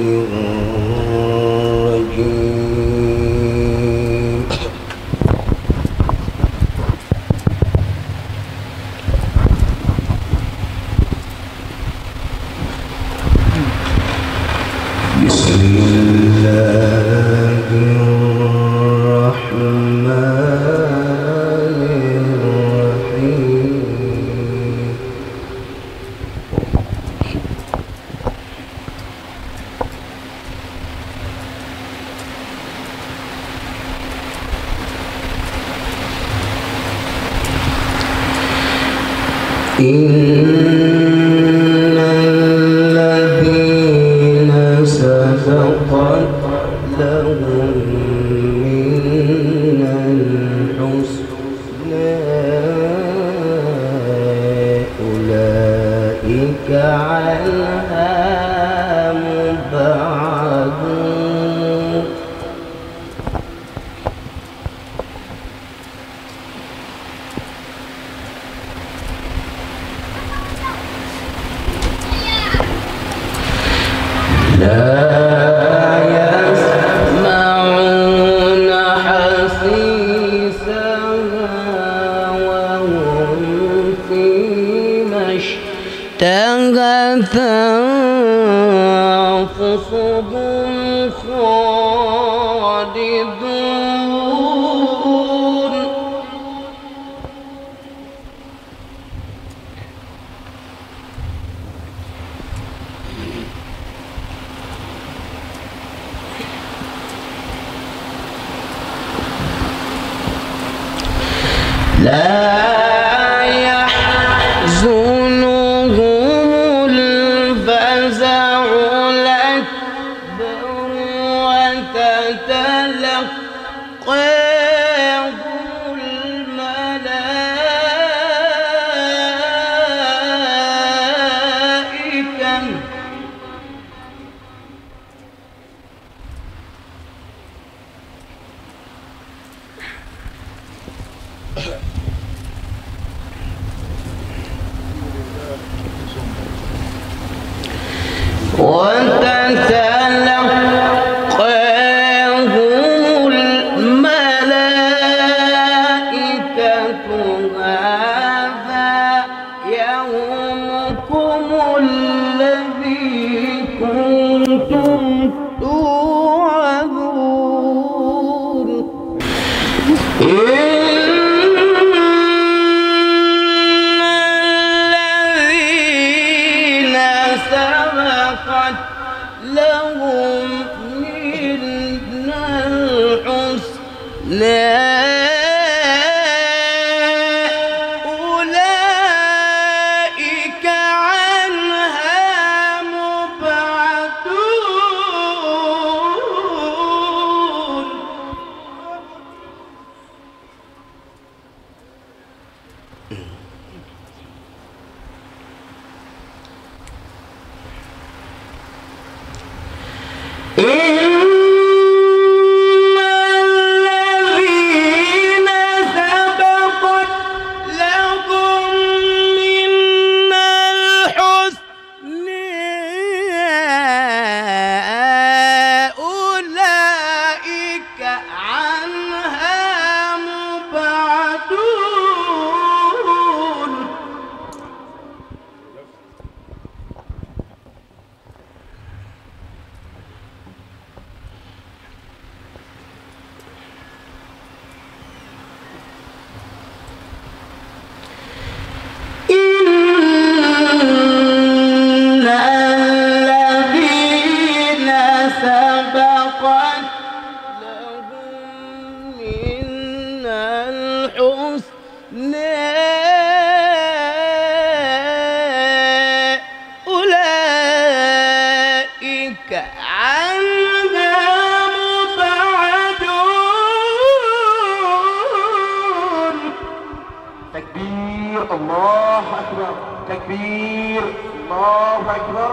من إن أنت Yeah. الحسنى أولئك عنها مبعدون تكبير الله أكبر تكبير الله أكبر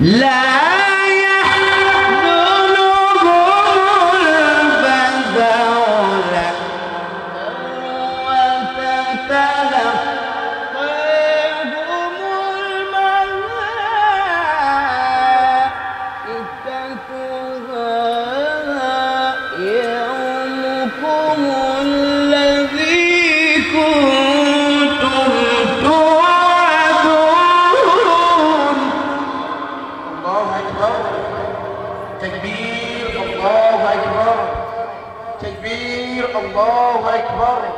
la تكبير الله أكبر تكبير الله أكبر